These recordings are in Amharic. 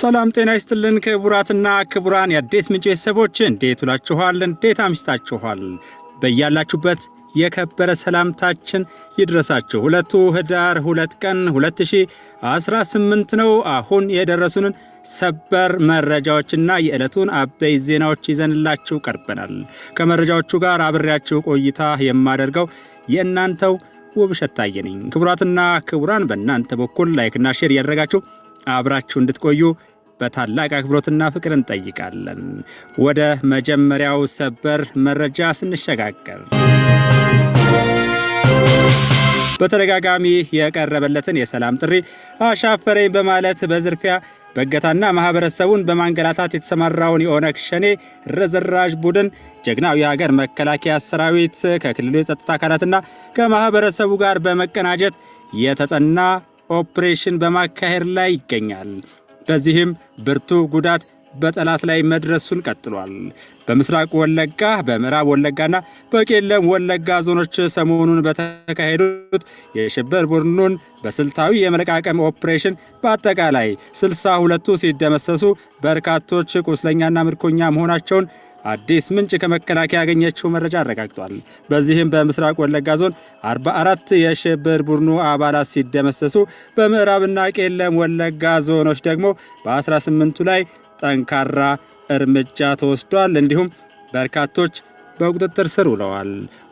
ሰላም ጤና ይስጥልን ክቡራትና ክቡራን የአዲስ ምንጭ ቤተሰቦች እንዴት ውላችኋል? እንዴት አምሽታችኋል? በያላችሁበት የከበረ ሰላምታችን ይድረሳችሁ። ሁለቱ ህዳር ሁለት ቀን 2018 ነው። አሁን የደረሱንን ሰበር መረጃዎችና የዕለቱን አበይ ዜናዎች ይዘንላችሁ ቀርበናል። ከመረጃዎቹ ጋር አብሬያችሁ ቆይታ የማደርገው የእናንተው ውብሸት ሸታየኝ ነኝ። ክቡራትና ክቡራን በእናንተ በኩል ላይክና ሼር እያደረጋችሁ አብራችሁ እንድትቆዩ በታላቅ አክብሮትና ፍቅር እንጠይቃለን። ወደ መጀመሪያው ሰበር መረጃ ስንሸጋገር በተደጋጋሚ የቀረበለትን የሰላም ጥሪ አሻፈረኝ በማለት በዝርፊያ በእገታና ማህበረሰቡን በማንገላታት የተሰማራውን የኦነግ ሸኔ ረዘራዥ ቡድን ጀግናው የሀገር መከላከያ ሰራዊት ከክልሉ የጸጥታ አካላትና ከማህበረሰቡ ጋር በመቀናጀት የተጠና ኦፕሬሽን በማካሄድ ላይ ይገኛል። በዚህም ብርቱ ጉዳት በጠላት ላይ መድረሱን ቀጥሏል። በምስራቅ ወለጋ፣ በምዕራብ ወለጋና በቄለም ወለጋ ዞኖች ሰሞኑን በተካሄዱት የሽብር ቡድኑን በስልታዊ የመለቃቀም ኦፕሬሽን በአጠቃላይ ስልሳ ሁለቱ ሲደመሰሱ በርካቶች ቁስለኛና ምርኮኛ መሆናቸውን አዲስ ምንጭ ከመከላከያ ያገኘችው መረጃ አረጋግጧል። በዚህም በምስራቅ ወለጋ ዞን 44 የሽብር ቡድኑ አባላት ሲደመሰሱ በምዕራብና ቄለም ወለጋ ዞኖች ደግሞ በ18ቱ ላይ ጠንካራ እርምጃ ተወስዷል። እንዲሁም በርካቶች በቁጥጥር ስር ውለዋል።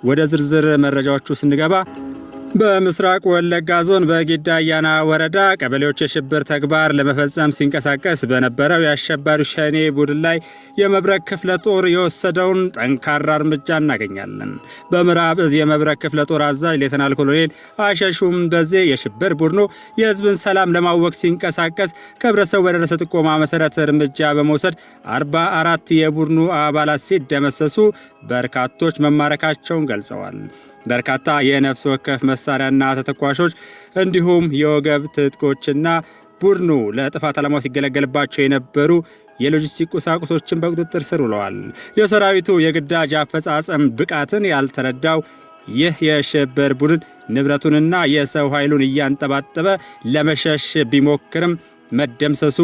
ወደ ዝርዝር መረጃዎቹ ስንገባ በምስራቅ ወለጋ ዞን በጊዳ አያና ወረዳ ቀበሌዎች የሽብር ተግባር ለመፈጸም ሲንቀሳቀስ በነበረው የአሸባሪ ሸኔ ቡድን ላይ የመብረቅ ክፍለ ጦር የወሰደውን ጠንካራ እርምጃ እናገኛለን። በምዕራብ እዝ የመብረቅ ክፍለ ጦር አዛዥ ሌተናል ኮሎኔል አሸሹም በዜ የሽብር ቡድኑ የህዝብን ሰላም ለማወቅ ሲንቀሳቀስ ከህብረተሰቡ በደረሰ ጥቆማ መሰረት እርምጃ በመውሰድ 44 የቡድኑ አባላት ሲደመሰሱ በርካቶች መማረካቸውን ገልጸዋል። በርካታ የነፍስ ወከፍ መሳሪያና ተተኳሾች እንዲሁም የወገብ ትጥቆችና ቡድኑ ለጥፋት ዓላማው ሲገለገልባቸው የነበሩ የሎጂስቲክ ቁሳቁሶችን በቁጥጥር ስር ውለዋል። የሰራዊቱ የግዳጅ አፈጻጸም ብቃትን ያልተረዳው ይህ የሽብር ቡድን ንብረቱንና የሰው ኃይሉን እያንጠባጠበ ለመሸሽ ቢሞክርም መደምሰሱ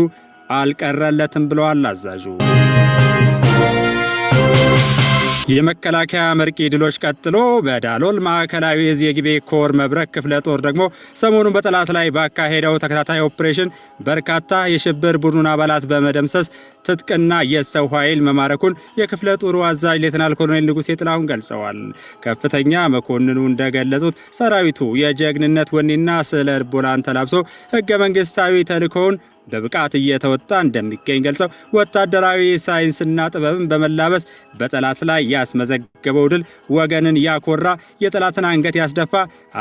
አልቀረለትም ብለዋል አዛዡ። የመከላከያ መርቂ ድሎች ቀጥሎ በዳሎል ማዕከላዊ እዝ የግቤ ኮር መብረክ ክፍለ ጦር ደግሞ ሰሞኑን በጠላት ላይ ባካሄደው ተከታታይ ኦፕሬሽን በርካታ የሽብር ቡድኑን አባላት በመደምሰስ ትጥቅና የሰው ኃይል መማረኩን የክፍለ ጦሩ አዛዥ ሌተናል ኮሎኔል ንጉሴ ጥላሁን ገልጸዋል። ከፍተኛ መኮንኑ እንደገለጹት ሰራዊቱ የጀግንነት ወኔና ስለ ልቦናን ተላብሶ ህገ መንግስታዊ ተልእኮውን በብቃት እየተወጣ እንደሚገኝ ገልጸው ወታደራዊ ሳይንስና ጥበብን በመላበስ በጠላት ላይ ያስመዘገበው ድል ወገንን ያኮራ፣ የጠላትን አንገት ያስደፋ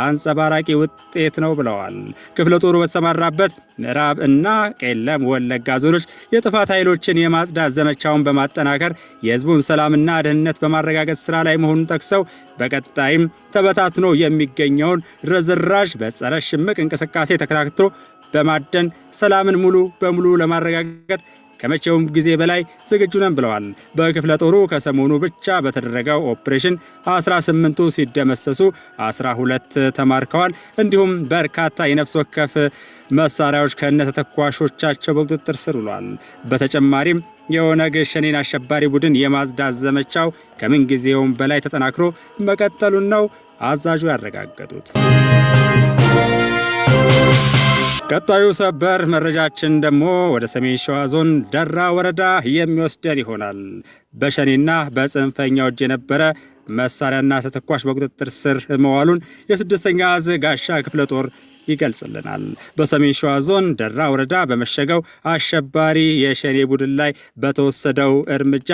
አንጸባራቂ ውጤት ነው ብለዋል። ክፍለ ጦሩ በተሰማራበት ምዕራብ እና ቄለም ወለጋ ዞኖች የጥፋት ኃይሎችን የማጽዳት ዘመቻውን በማጠናከር የህዝቡን ሰላምና ደህንነት በማረጋገጥ ስራ ላይ መሆኑን ጠቅሰው በቀጣይም ተበታትኖ የሚገኘውን ርዝራዥ በጸረ ሽምቅ እንቅስቃሴ ተከታትሎ በማደን ሰላምን ሙሉ በሙሉ ለማረጋገጥ ከመቼውም ጊዜ በላይ ዝግጁ ነን ብለዋል። በክፍለ ጦሩ ከሰሞኑ ብቻ በተደረገው ኦፕሬሽን 18ቱ ሲደመሰሱ 12 ተማርከዋል። እንዲሁም በርካታ የነፍስ ወከፍ መሳሪያዎች ከነ ተተኳሾቻቸው በቁጥጥር ስር ውሏል። በተጨማሪም የኦነግ ሸኔን አሸባሪ ቡድን የማጽዳት ዘመቻው ከምንጊዜውም በላይ ተጠናክሮ መቀጠሉን ነው አዛዡ ያረጋገጡት። ቀጣዩ ሰበር መረጃችን ደግሞ ወደ ሰሜን ሸዋ ዞን ደራ ወረዳ የሚወስደን ይሆናል። በሸኔና በጽንፈኛው እጅ የነበረ መሳሪያና ተተኳሽ በቁጥጥር ስር መዋሉን የስድስተኛ እዝ ጋሻ ክፍለ ጦር ይገልጽልናል። በሰሜን ሸዋ ዞን ደራ ወረዳ በመሸገው አሸባሪ የሸኔ ቡድን ላይ በተወሰደው እርምጃ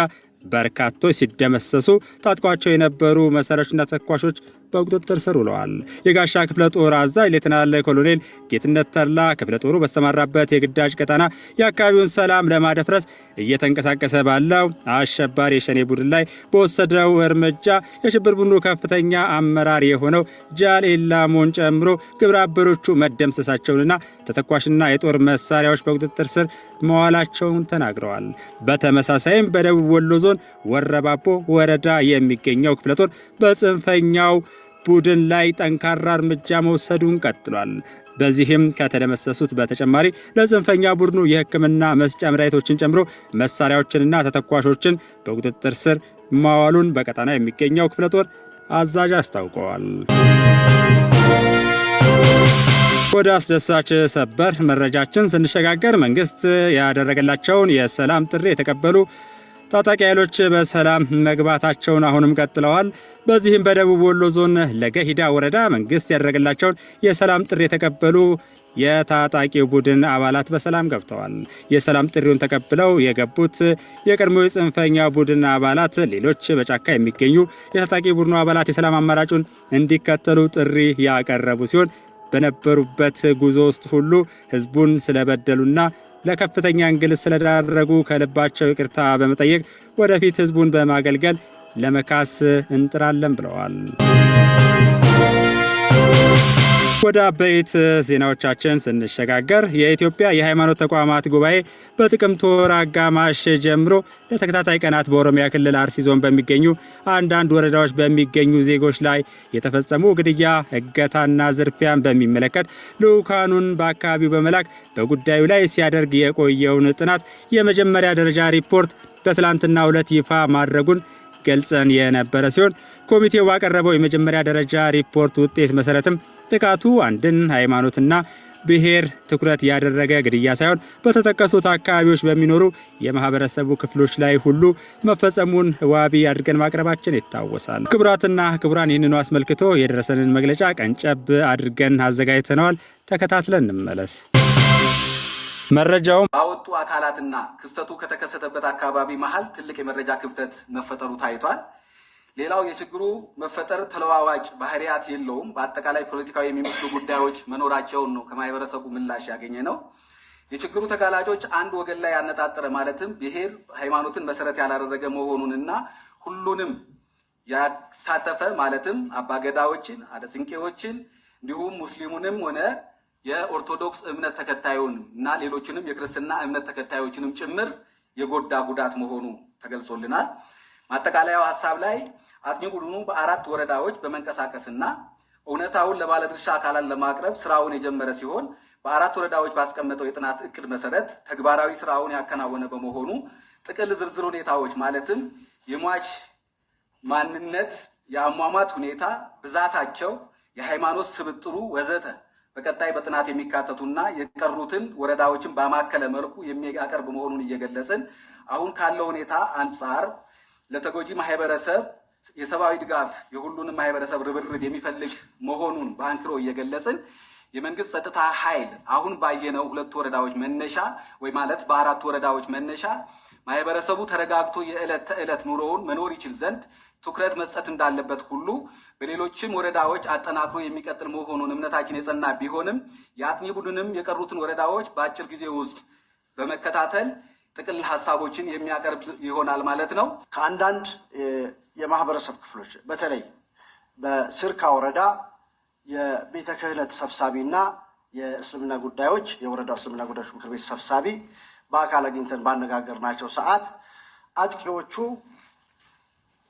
በርካቶች ሲደመሰሱ ታጥቋቸው የነበሩ መሳሪያዎችና ተኳሾች በቁጥጥር ስር ውለዋል። የጋሻ ክፍለ ጦር አዛዥ ሌተናል ኮሎኔል ጌትነት ተላ። ክፍለ ጦሩ በተሰማራበት የግዳጅ ቀጠና የአካባቢውን ሰላም ለማደፍረስ እየተንቀሳቀሰ ባለው አሸባሪ የሸኔ ቡድን ላይ በወሰደው እርምጃ የሽብር ቡድኑ ከፍተኛ አመራር የሆነው ጃል ኢላሞን ጨምሮ ግብረ አበሮቹ መደምሰሳቸውንና ተተኳሽና የጦር መሳሪያዎች በቁጥጥር ስር መዋላቸውን ተናግረዋል። በተመሳሳይም በደቡብ ወሎ ዞን ወረባቦ ወረዳ የሚገኘው ክፍለ ጦር በጽንፈኛው ቡድን ላይ ጠንካራ እርምጃ መውሰዱን ቀጥሏል። በዚህም ከተደመሰሱት በተጨማሪ ለጽንፈኛ ቡድኑ የሕክምና መስጫ መድኃኒቶችን ጨምሮ መሳሪያዎችንና ተተኳሾችን በቁጥጥር ስር ማዋሉን በቀጠና የሚገኘው ክፍለ ጦር አዛዥ አስታውቀዋል። ወደ አስደሳች ሰበር መረጃችን ስንሸጋገር መንግስት ያደረገላቸውን የሰላም ጥሪ የተቀበሉ ታጣቂ ኃይሎች በሰላም መግባታቸውን አሁንም ቀጥለዋል። በዚህም በደቡብ ወሎ ዞን ለገሂዳ ወረዳ መንግስት ያደረገላቸውን የሰላም ጥሪ የተቀበሉ የታጣቂ ቡድን አባላት በሰላም ገብተዋል። የሰላም ጥሪውን ተቀብለው የገቡት የቀድሞ የጽንፈኛ ቡድን አባላት ሌሎች በጫካ የሚገኙ የታጣቂ ቡድኑ አባላት የሰላም አማራጩን እንዲከተሉ ጥሪ ያቀረቡ ሲሆን በነበሩበት ጉዞ ውስጥ ሁሉ ህዝቡን ስለበደሉና ለከፍተኛ እንግልት ስለዳረጉ ከልባቸው ይቅርታ በመጠየቅ ወደፊት ህዝቡን በማገልገል ለመካስ እንጥራለን ብለዋል። ወደ አበይት ዜናዎቻችን ስንሸጋገር የኢትዮጵያ የሃይማኖት ተቋማት ጉባኤ በጥቅምት ወር አጋማሽ ጀምሮ ለተከታታይ ቀናት በኦሮሚያ ክልል አርሲ ዞን በሚገኙ አንዳንድ ወረዳዎች በሚገኙ ዜጎች ላይ የተፈጸሙ ግድያ፣ እገታና ዝርፊያን በሚመለከት ልዑካኑን በአካባቢው በመላክ በጉዳዩ ላይ ሲያደርግ የቆየውን ጥናት የመጀመሪያ ደረጃ ሪፖርት በትላንትና ዕለት ይፋ ማድረጉን ገልጸን የነበረ ሲሆን ኮሚቴው ባቀረበው የመጀመሪያ ደረጃ ሪፖርት ውጤት መሰረትም ጥቃቱ አንድን ሃይማኖትና ብሔር ትኩረት ያደረገ ግድያ ሳይሆን በተጠቀሱት አካባቢዎች በሚኖሩ የማህበረሰቡ ክፍሎች ላይ ሁሉ መፈጸሙን ዋቢ አድርገን ማቅረባችን ይታወሳል። ክቡራትና ክቡራን ይህንኑ አስመልክቶ የደረሰንን መግለጫ ቀንጨብ አድርገን አዘጋጅተነዋል። ተከታትለን እንመለስ። መረጃውም ባወጡ አካላትና ክስተቱ ከተከሰተበት አካባቢ መሀል ትልቅ የመረጃ ክፍተት መፈጠሩ ታይቷል። ሌላው የችግሩ መፈጠር ተለዋዋጭ ባህሪያት የለውም። በአጠቃላይ ፖለቲካዊ የሚመስሉ ጉዳዮች መኖራቸውን ነው ከማህበረሰቡ ምላሽ ያገኘ ነው። የችግሩ ተጋላጮች አንድ ወገን ላይ ያነጣጠረ ማለትም ብሔር፣ ሃይማኖትን መሰረት ያላደረገ መሆኑንና ሁሉንም ያሳተፈ ማለትም አባገዳዎችን፣ አደስንቄዎችን እንዲሁም ሙስሊሙንም ሆነ የኦርቶዶክስ እምነት ተከታዩን እና ሌሎችንም የክርስትና እምነት ተከታዮችንም ጭምር የጎዳ ጉዳት መሆኑ ተገልጾልናል። ማጠቃለያው ሀሳብ ላይ አጥኚ ቡድኑ በአራት ወረዳዎች በመንቀሳቀስና እውነታውን ለባለድርሻ አካላት ለማቅረብ ስራውን የጀመረ ሲሆን በአራት ወረዳዎች ባስቀመጠው የጥናት እቅድ መሰረት ተግባራዊ ስራውን ያከናወነ በመሆኑ ጥቅል ዝርዝር ሁኔታዎች ማለትም የሟች ማንነት፣ የአሟሟት ሁኔታ፣ ብዛታቸው፣ የሃይማኖት ስብጥሩ ወዘተ በቀጣይ በጥናት የሚካተቱና የቀሩትን ወረዳዎችን በማከለ መልኩ የሚያቀርብ መሆኑን እየገለጽን አሁን ካለው ሁኔታ አንጻር ለተጎጂ ማህበረሰብ የሰብአዊ ድጋፍ የሁሉንም ማህበረሰብ ርብርብ የሚፈልግ መሆኑን በአንክሮ እየገለጽን የመንግስት ጸጥታ ኃይል አሁን ባየነው ሁለት ወረዳዎች መነሻ ወይ ማለት በአራት ወረዳዎች መነሻ ማህበረሰቡ ተረጋግቶ የዕለት ተዕለት ኑሮውን መኖር ይችል ዘንድ ትኩረት መስጠት እንዳለበት ሁሉ በሌሎችም ወረዳዎች አጠናክሮ የሚቀጥል መሆኑን እምነታችን የጸና ቢሆንም የአጥኚ ቡድንም የቀሩትን ወረዳዎች በአጭር ጊዜ ውስጥ በመከታተል ጥቅል ሀሳቦችን የሚያቀርብ ይሆናል ማለት ነው። ከአንዳንድ የማህበረሰብ ክፍሎች በተለይ በስርካ ወረዳ የቤተ ክህነት ሰብሳቢና የእስልምና ጉዳዮች የወረዳው እስልምና ጉዳዮች ምክር ቤት ሰብሳቢ በአካል አግኝተን ባነጋገርናቸው ሰዓት አጥቂዎቹ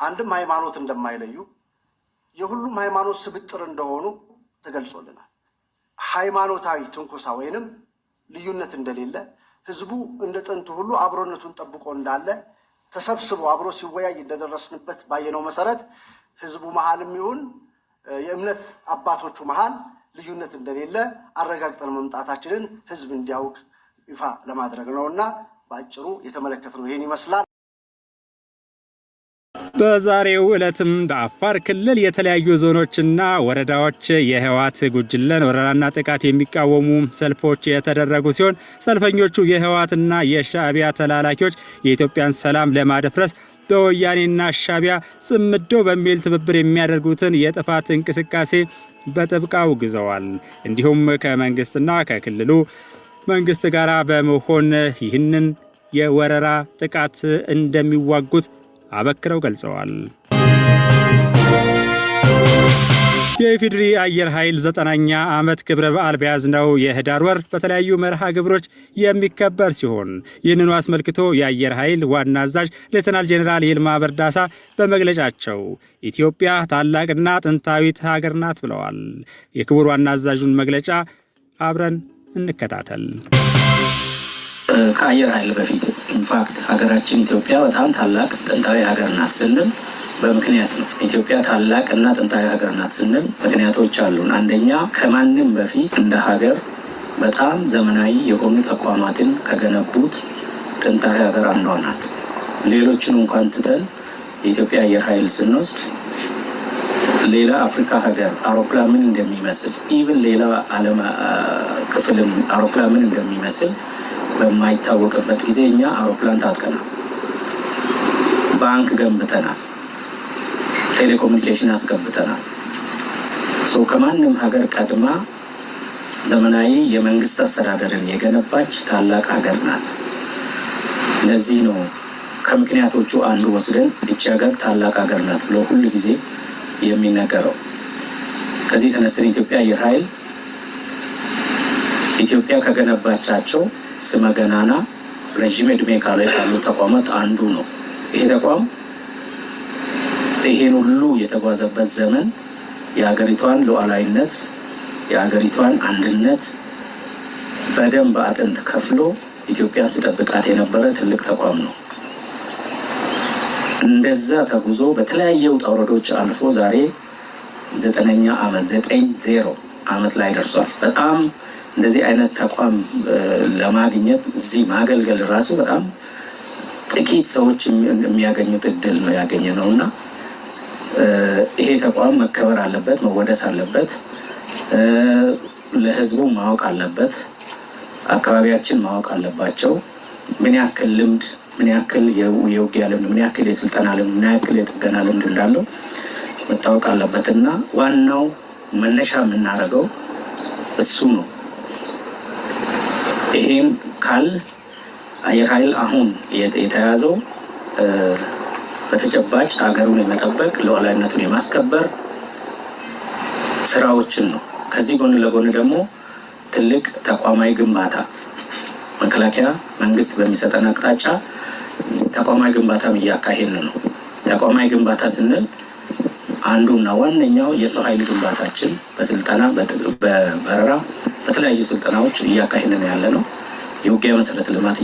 አንድም ሃይማኖት እንደማይለዩ የሁሉም ሃይማኖት ስብጥር እንደሆኑ ተገልጾልናል። ሃይማኖታዊ ትንኮሳ ወይንም ልዩነት እንደሌለ ህዝቡ እንደ ጥንቱ ሁሉ አብሮነቱን ጠብቆ እንዳለ ተሰብስቦ አብሮ ሲወያይ እንደደረስንበት ባየነው መሰረት ህዝቡ መሀልም ይሁን የእምነት አባቶቹ መሀል ልዩነት እንደሌለ አረጋግጠን መምጣታችንን ህዝብ እንዲያውቅ ይፋ ለማድረግ ነው እና በአጭሩ የተመለከትነው ይህን ይመስላል። በዛሬው ዕለትም በአፋር ክልል የተለያዩ ዞኖችና ወረዳዎች የህወሓት ጉጅለን ወረራና ጥቃት የሚቃወሙ ሰልፎች የተደረጉ ሲሆን ሰልፈኞቹ የህወሓትና የሻዕቢያ ተላላኪዎች የኢትዮጵያን ሰላም ለማደፍረስ በወያኔና ሻዕቢያ ጽምዶ በሚል ትብብር የሚያደርጉትን የጥፋት እንቅስቃሴ በጥብቅ አውግዘዋል። እንዲሁም ከመንግስትና ከክልሉ መንግስት ጋር በመሆን ይህንን የወረራ ጥቃት እንደሚዋጉት አበክረው ገልጸዋል። የኢፌዴሪ አየር ኃይል ዘጠናኛ ዓመት ክብረ በዓል በያዝነው የህዳር ወር በተለያዩ መርሃ ግብሮች የሚከበር ሲሆን ይህንኑ አስመልክቶ የአየር ኃይል ዋና አዛዥ ሌተናል ጄኔራል ይልማ በርዳሳ በመግለጫቸው ኢትዮጵያ ታላቅና ጥንታዊት ሀገር ናት ብለዋል። የክቡር ዋና አዛዡን መግለጫ አብረን እንከታተል። ከአየር ኃይል በፊት ኢንፋክት ሀገራችን ኢትዮጵያ በጣም ታላቅ ጥንታዊ ሀገር ናት ስንል በምክንያት ነው። ኢትዮጵያ ታላቅ እና ጥንታዊ ሀገር ናት ስንል ምክንያቶች አሉን። አንደኛ ከማንም በፊት እንደ ሀገር በጣም ዘመናዊ የሆኑ ተቋማትን ከገነቡት ጥንታዊ ሀገር አንዷ ናት። ሌሎችን እንኳን ትተን የኢትዮጵያ አየር ኃይል ስንወስድ ሌላ አፍሪካ ሀገር አውሮፕላን ምን እንደሚመስል ኢቭን ሌላ ዓለም ክፍልም አውሮፕላን ምን እንደሚመስል በማይታወቅበት ጊዜ እኛ አውሮፕላን ታጥቀናል፣ ባንክ ገንብተናል፣ ቴሌኮሙኒኬሽን አስገብተናል። ሰው ከማንም ሀገር ቀድማ ዘመናዊ የመንግስት አስተዳደርን የገነባች ታላቅ ሀገር ናት። ለዚህ ነው ከምክንያቶቹ አንዱ ወስደን ይቺ ሀገር ታላቅ ሀገር ናት ብሎ ሁሉ ጊዜ የሚነገረው። ከዚህ ተነስተን ኢትዮጵያ አየር ኃይል ኢትዮጵያ ከገነባቻቸው ስመገናና ረዥም እድሜ ካለ ካሉ ተቋማት አንዱ ነው። ይሄ ተቋም ይሄን ሁሉ የተጓዘበት ዘመን የሀገሪቷን ሉዓላዊነት የሀገሪቷን አንድነት በደንብ አጥንት ከፍሎ ኢትዮጵያ ስጠብቃት የነበረ ትልቅ ተቋም ነው። እንደዛ ተጉዞ በተለያየ ውጣ ውረዶች አልፎ ዛሬ ዘጠነኛ ዓመት ዘጠኝ ዜሮ ዓመት ላይ ደርሷል። በጣም እንደዚህ አይነት ተቋም ለማግኘት እዚህ ማገልገል ራሱ በጣም ጥቂት ሰዎች የሚያገኙት እድል ነው ያገኘ ነው እና ይሄ ተቋም መከበር አለበት፣ መወደስ አለበት፣ ለህዝቡ ማወቅ አለበት፣ አካባቢያችን ማወቅ አለባቸው። ምን ያክል ልምድ ምን ያክል የውጊያ ልምድ ምን ያክል የስልጠና ልምድ ምን ያክል የጥገና ልምድ እንዳለው መታወቅ አለበት እና ዋናው መነሻ የምናደርገው እሱ ነው። ይሄን ካል አየር አሁን የተያዘው በተጨባጭ ሀገሩን የመጠበቅ ሉዓላዊነቱን የማስከበር ስራዎችን ነው። ከዚህ ጎን ለጎን ደግሞ ትልቅ ተቋማዊ ግንባታ መከላከያ መንግስት በሚሰጠን አቅጣጫ ተቋማዊ ግንባታም እያካሄድ ነው። ተቋማዊ ግንባታ ስንል አንዱና ዋነኛው የሰው ኃይል ግንባታችን በስልጠና በበረራ በተለያዩ ስልጠናዎች እያካሄድን ያለ ነው። የውጊያ መሰረተ ልማት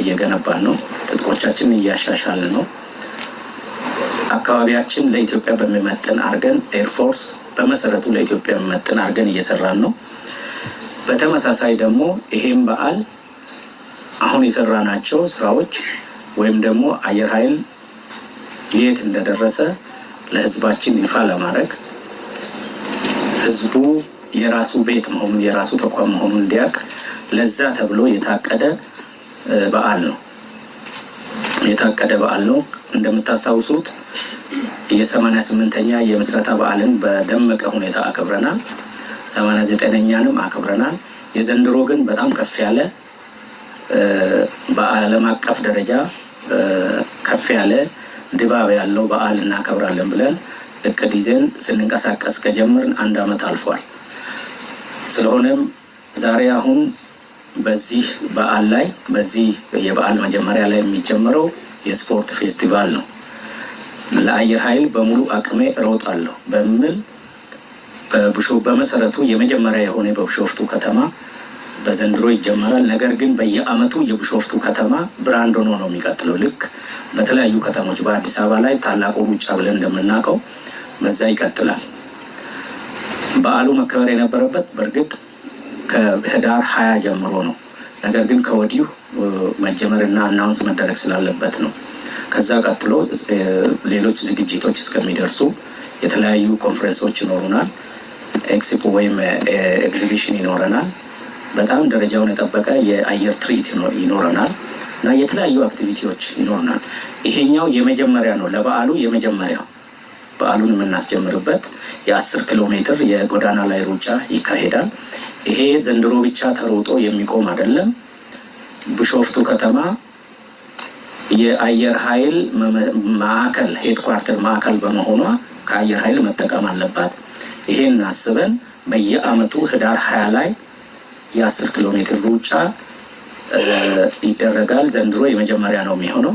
እየገነባን ነው። ትጥቆቻችንን እያሻሻል ነው። አካባቢያችን ለኢትዮጵያ በሚመጥን አድርገን ኤርፎርስ በመሰረቱ ለኢትዮጵያ የሚመጥን አድርገን እየሰራን ነው። በተመሳሳይ ደግሞ ይሄም በዓል አሁን የሰራናቸው ስራዎች ወይም ደግሞ አየር ኃይል የት እንደደረሰ ለህዝባችን ይፋ ለማድረግ ህዝቡ የራሱ ቤት መሆኑን የራሱ ተቋም መሆኑን እንዲያውቅ ለዛ ተብሎ የታቀደ በዓል ነው። የታቀደ በዓል ነው። እንደምታስታውሱት የሰማንያ ስምንተኛ የምስረታ በዓልን በደመቀ ሁኔታ አክብረናል። ሰማንያ ዘጠነኛንም አክብረናል። የዘንድሮ ግን በጣም ከፍ ያለ በዓለም አቀፍ ደረጃ ከፍ ያለ ድባብ ያለው በዓል እናከብራለን ብለን እቅድ ይዘን ስንንቀሳቀስ ከጀምርን አንድ ዓመት አልፏል። ስለሆነም ዛሬ አሁን በዚህ በዓል ላይ በዚህ የበዓል መጀመሪያ ላይ የሚጀመረው የስፖርት ፌስቲቫል ነው። ለአየር ኃይል በሙሉ አቅሜ እሮጣለሁ በሚል በመሰረቱ የመጀመሪያ የሆነ በብሾፍቱ ከተማ በዘንድሮ ይጀመራል። ነገር ግን በየአመቱ የብሾፍቱ ከተማ ብራንድ ሆኖ ነው የሚቀጥለው። ልክ በተለያዩ ከተሞች በአዲስ አበባ ላይ ታላቁ ሩጫ ብለን እንደምናውቀው በዛ ይቀጥላል። በዓሉ መከበር የነበረበት በእርግጥ ከህዳር ሀያ ጀምሮ ነው። ነገር ግን ከወዲሁ መጀመርና አናውንስ መደረግ ስላለበት ነው። ከዛ ቀጥሎ ሌሎች ዝግጅቶች እስከሚደርሱ የተለያዩ ኮንፈረንሶች ይኖሩናል። ኤክስፖ ወይም ኤግዚቢሽን ይኖረናል። በጣም ደረጃውን የጠበቀ የአየር ትርኢት ይኖረናል እና የተለያዩ አክቲቪቲዎች ይኖረናል። ይሄኛው የመጀመሪያ ነው፣ ለበዓሉ የመጀመሪያው በዓሉን የምናስጀምርበት የአስር ኪሎ ሜትር የጎዳና ላይ ሩጫ ይካሄዳል። ይሄ ዘንድሮ ብቻ ተሮጦ የሚቆም አይደለም። ብሾፍቱ ከተማ የአየር ኃይል ማዕከል ሄድኳርተር ማዕከል በመሆኗ ከአየር ኃይል መጠቀም አለባት። ይሄን አስበን በየአመቱ ህዳር ሀያ ላይ የአስር ኪሎ ሜትር ሩጫ ይደረጋል። ዘንድሮ የመጀመሪያ ነው የሚሆነው።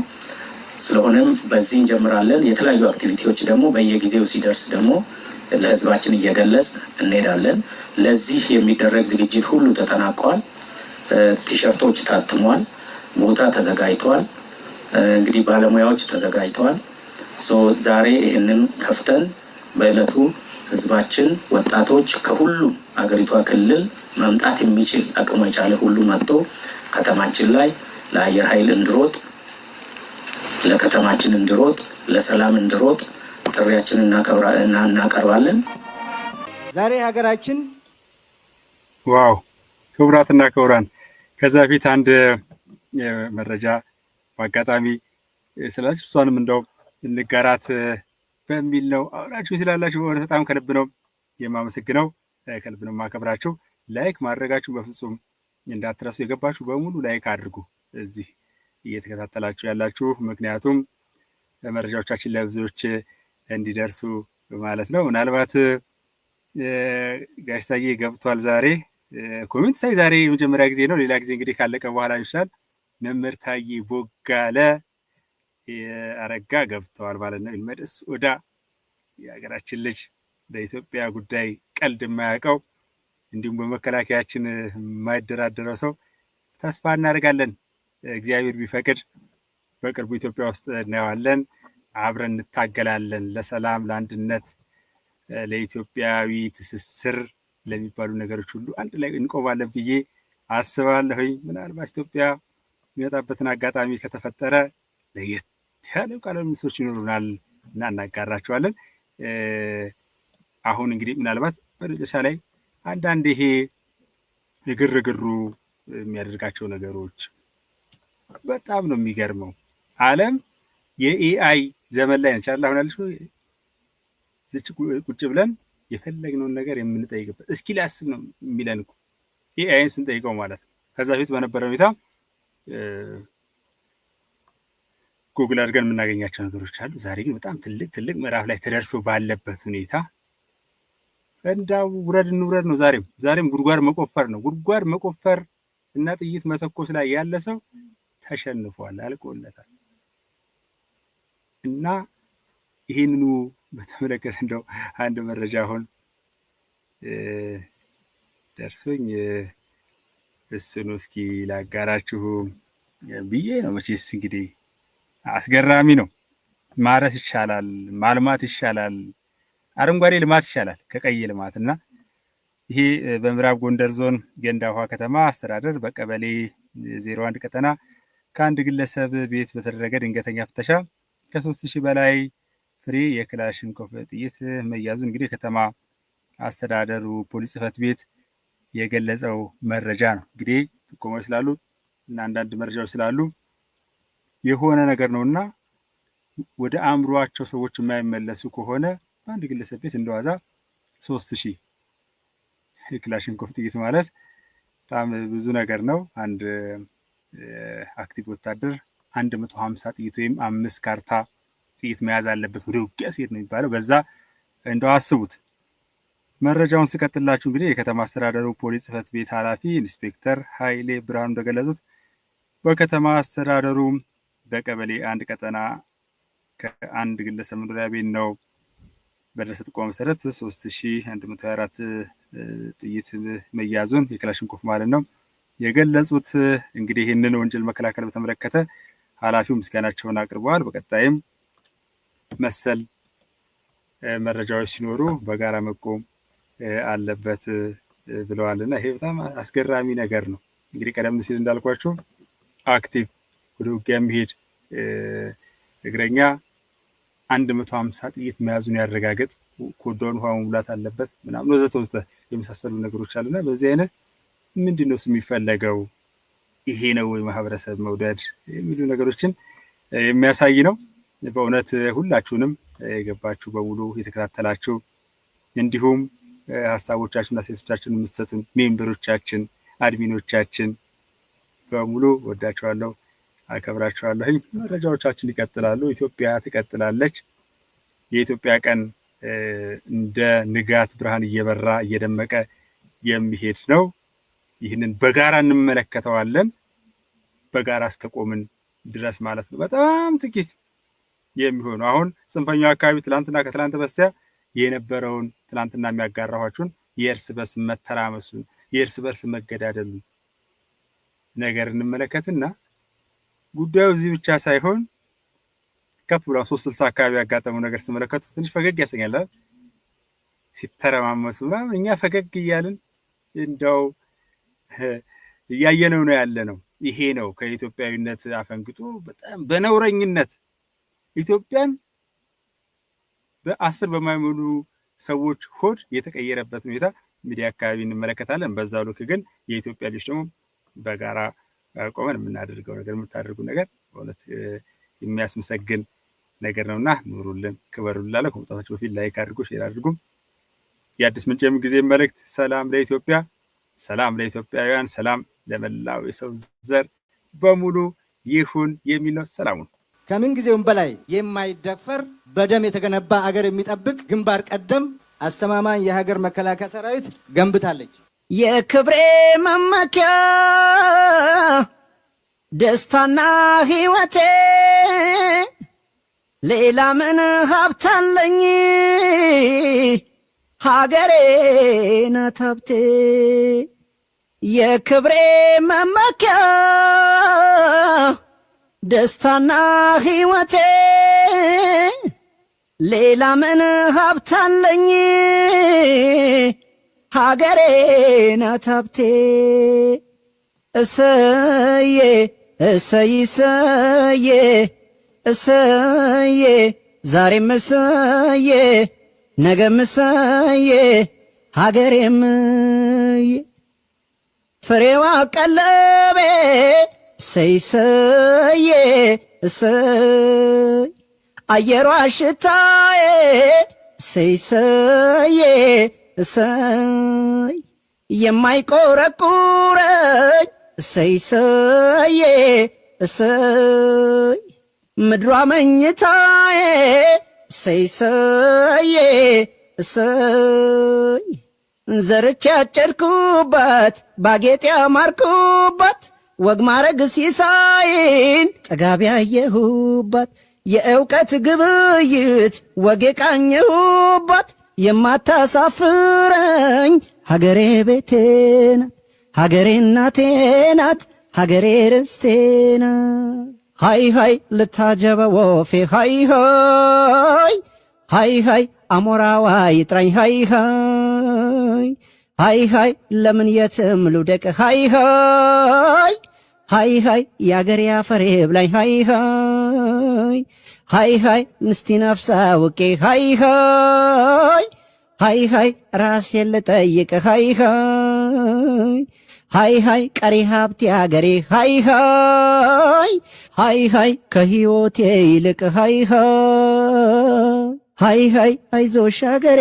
ስለሆነም በዚህ እንጀምራለን። የተለያዩ አክቲቪቲዎች ደግሞ በየጊዜው ሲደርስ ደግሞ ለህዝባችን እየገለጽ እንሄዳለን። ለዚህ የሚደረግ ዝግጅት ሁሉ ተጠናቋል። ቲሸርቶች ታትሟል። ቦታ ተዘጋጅቷል። እንግዲህ ባለሙያዎች ተዘጋጅተዋል። ዛሬ ይህንን ከፍተን በእለቱ ህዝባችን፣ ወጣቶች ከሁሉ አገሪቷ ክልል መምጣት የሚችል አቅሙ የቻለ ሁሉ መጥቶ ከተማችን ላይ ለአየር ኃይል እንድሮጥ ለከተማችን እንድሮጥ ለሰላም እንድሮጥ ጥሪያችን እናቀርባለን። ዛሬ ሀገራችን ዋው! ክቡራትና ክቡራን ከዚ በፊት አንድ መረጃ በአጋጣሚ ስላች እሷንም እንደው እንጋራት በሚል ነው አብራችሁ ስላላችሁ በሆነ በጣም ከልብ ነው የማመሰግነው፣ ከልብ ነው የማከብራችሁ። ላይክ ማድረጋችሁ በፍጹም እንዳትረሱ። የገባችሁ በሙሉ ላይክ አድርጉ እዚህ እየተከታተላችሁ ያላችሁ፣ ምክንያቱም መረጃዎቻችን ለብዙዎች እንዲደርሱ ማለት ነው። ምናልባት ጋሽታዬ ገብቷል ዛሬ ኮሜንት ሳይ ዛሬ የመጀመሪያ ጊዜ ነው። ሌላ ጊዜ እንግዲህ ካለቀ በኋላ ይሻል። መምህር ታዬ ቦጋለ አረጋ ገብተዋል ማለት ነው። ይልመደስ ኦዳ የሀገራችን ልጅ በኢትዮጵያ ጉዳይ ቀልድ የማያውቀው እንዲሁም በመከላከያችን የማይደራደረው ሰው ተስፋ እናደርጋለን። እግዚአብሔር ቢፈቅድ በቅርቡ ኢትዮጵያ ውስጥ እናየዋለን። አብረን እንታገላለን ለሰላም፣ ለአንድነት፣ ለኢትዮጵያዊ ትስስር ለሚባሉ ነገሮች ሁሉ አንድ ላይ እንቆማለን ብዬ አስባለሁኝ። ምናልባት ኢትዮጵያ የሚመጣበትን አጋጣሚ ከተፈጠረ ለየት ያለ ቃለ ምልልሶች ይኖሩናል እና እናጋራቸዋለን። አሁን እንግዲህ ምናልባት በመጨረሻ ላይ አንዳንድ ይሄ ግርግሩ የሚያደርጋቸው ነገሮች በጣም ነው የሚገርመው። ዓለም የኤአይ ዘመን ላይ ነች። አሁን ያለች ዝች ቁጭ ብለን የፈለግነውን ነገር የምንጠይቅበት እስኪ ሊያስብ ነው የሚለን ኤአይን ስንጠይቀው ማለት ነው። ከዛ በፊት በነበረ ሁኔታ ጉግል አድርገን የምናገኛቸው ነገሮች አሉ። ዛሬ ግን በጣም ትልቅ ትልቅ ምዕራፍ ላይ ተደርሶ ባለበት ሁኔታ እንዳው ውረድ እንውረድ ነው። ዛሬም ዛሬም ጉድጓድ መቆፈር ነው። ጉድጓድ መቆፈር እና ጥይት መተኮስ ላይ ያለ ሰው ተሸንፏል፣ አልቆለታል። እና ይህንኑ በተመለከተ እንደው አንድ መረጃ አሁን ደርሶኝ እሱን እስኪ ላጋራችሁ ብዬ ነው። መቼስ እንግዲህ አስገራሚ ነው። ማረስ ይሻላል፣ ማልማት ይሻላል፣ አረንጓዴ ልማት ይሻላል ከቀይ ልማት እና ይሄ በምዕራብ ጎንደር ዞን ገንዳ ውሃ ከተማ አስተዳደር በቀበሌ ዜሮ አንድ ቀጠና ከአንድ ግለሰብ ቤት በተደረገ ድንገተኛ ፍተሻ ከሶስት ሺህ በላይ ፍሬ የክላሽንኮቭ ጥይት መያዙ እንግዲህ የከተማ አስተዳደሩ ፖሊስ ጽህፈት ቤት የገለጸው መረጃ ነው። እንግዲህ ጥቆማዎች ስላሉ እና አንዳንድ መረጃዎች ስላሉ የሆነ ነገር ነው እና ወደ አእምሯቸው ሰዎች የማይመለሱ ከሆነ በአንድ ግለሰብ ቤት እንደዋዛ ሶስት ሺህ የክላሽንኮቭ ጥይት ማለት በጣም ብዙ ነገር ነው አንድ አክቲቭ ወታደር አንድ መቶ ሀምሳ ጥይት ወይም አምስት ካርታ ጥይት መያዝ አለበት ወደ ውጊያ ሲሄድ ነው የሚባለው። በዛ እንደው አስቡት። መረጃውን ስቀጥላችሁ እንግዲህ የከተማ አስተዳደሩ ፖሊስ ጽህፈት ቤት ኃላፊ ኢንስፔክተር ኃይሌ ብርሃኑ እንደገለጹት በከተማ አስተዳደሩ በቀበሌ አንድ ቀጠና ከአንድ ግለሰብ መኖሪያ ቤት ነው በደረሰ ጥቆማ መሰረት 3124 ጥይት መያዙን የክላሽንኮፍ ማለት ነው የገለጹት። እንግዲህ ይህንን ወንጀል መከላከል በተመለከተ ኃላፊው ምስጋናቸውን አቅርበዋል። በቀጣይም መሰል መረጃዎች ሲኖሩ በጋራ መቆም አለበት ብለዋል እና ይሄ በጣም አስገራሚ ነገር ነው። እንግዲህ ቀደም ሲል እንዳልኳችሁ አክቲቭ ወደ ውጊያ የሚሄድ እግረኛ አንድ መቶ ሀምሳ ጥይት መያዙን ያረጋገጥ ኮዳውን ውሃ መሙላት አለበት ምናምን ወዘተ ወዘተ የመሳሰሉ ነገሮች አሉና በዚህ አይነት ምንድን ነው እሱ የሚፈለገው ይሄ ነው የማህበረሰብ መውደድ የሚሉ ነገሮችን የሚያሳይ ነው። በእውነት ሁላችሁንም የገባችሁ በሙሉ የተከታተላችሁ እንዲሁም ሀሳቦቻችንና ሴቶቻችን የምትሰጡን ሜምበሮቻችን፣ አድሚኖቻችን በሙሉ ወዳችኋለሁ፣ አከብራችኋለሁ። መረጃዎቻችን ይቀጥላሉ። ኢትዮጵያ ትቀጥላለች። የኢትዮጵያ ቀን እንደ ንጋት ብርሃን እየበራ እየደመቀ የሚሄድ ነው። ይህንን በጋራ እንመለከተዋለን። በጋራ እስከቆምን ድረስ ማለት ነው። በጣም ጥቂት የሚሆኑ አሁን ጽንፈኛው አካባቢ ትላንትና ከትላንት በስቲያ የነበረውን ትላንትና የሚያጋራኋችሁን የእርስ በርስ መተራመሱን የእርስ በርስ መገዳደሉን ነገር እንመለከትና ጉዳዩ እዚህ ብቻ ሳይሆን ከፍ ብላ ሶስት ስልሳ አካባቢ ያጋጠመው ነገር ስትመለከቱ ትንሽ ፈገግ ያሰኛል። ሲተረማመሱ ምናምን እኛ ፈገግ እያልን እንደው እያየነው ነው ያለ ነው። ይሄ ነው ከኢትዮጵያዊነት አፈንግጦ በጣም በነውረኝነት ኢትዮጵያን በአስር በማይሞሉ ሰዎች ሆድ የተቀየረበት ሁኔታ ሚዲያ አካባቢ እንመለከታለን። በዛው ልክ ግን የኢትዮጵያ ልጅ ደግሞ በጋራ ቆመን የምናደርገው ነገር የምታደርጉ ነገር በእውነት የሚያስመሰግን ነገር እና ኑሩልን፣ ክበሩልን። ላለ ከመውጣታችሁ በፊት ላይክ አድርጉ፣ ሼር አድርጉ። የአዲስ ምንጭ የምንጊዜ መልእክት ሰላም ለኢትዮጵያ ሰላም ለኢትዮጵያውያን፣ ሰላም ለመላው የሰው ዘር በሙሉ ይሁን የሚል ነው። ሰላሙን ከምን ጊዜውም በላይ የማይደፈር በደም የተገነባ አገር የሚጠብቅ ግንባር ቀደም አስተማማኝ የሀገር መከላከያ ሰራዊት ገንብታለች። የክብሬ መመኪያ ደስታና ሕይወቴ ሌላ ምን ሀብታለኝ ሀገሬ ናት ሀብቴ የክብሬ መመኪያ ደስታና ሕይወቴ ሌላ ምን ሀብታለኝ ሀገሬ ናት ሀብቴ እሰዬ እሰይ እሰዬ እሰዬ ዛሬም እሰዬ ነገ ምሳዬ ሀገሬም ፍሬዋ ቀለቤ ሰይሰዬ እሰይ አየሯ ሽታዬ ሰይሰዬ እሰይ የማይቆረቁረኝ ሰይሰዬ እሰይ ምድሯ መኝታዬ እሰይ እሰይ እሰይ ዘርቼ ያጨድኩባት ባጌጥ ያማርኩባት ወግ ማረግ ሲሳይን ጥጋብ ያየሁባት የእውቀት ግብይት ወግ የቃኘሁባት የማታሳፍረኝ ሀገሬ ቤቴ ናት ሀገሬ እናቴ ናት ሀገሬ ርስቴ ናት። ሃይ ሃይ ልታጀበ ወፌ ሃይ ሃይ ሃይ ሃይ አሞራዋ ይጥራኝ ሃይ ሃይ ሃይ ሃይ ለምን የትም ልውደቅ ሃይ ሃይ ሃይ ሃይ የአገሬ አፈሬ ብላኝ ሃይ ሃይ ሃይ ሃይ ንስቲ ነፍሳ ውቄ ሃይ ሃይ ሃይ ሃይ ራሴን ልጠይቅ ሃይ ሃይ ሃይ ሃይ ቀሪ ሀብቴ አገሬ ሃይ ሃይ ሃይ ሃይ ከህይወቴ ይልቅ ሃይ ሃይ ሃይ ሃይ አይዞሽ አገሬ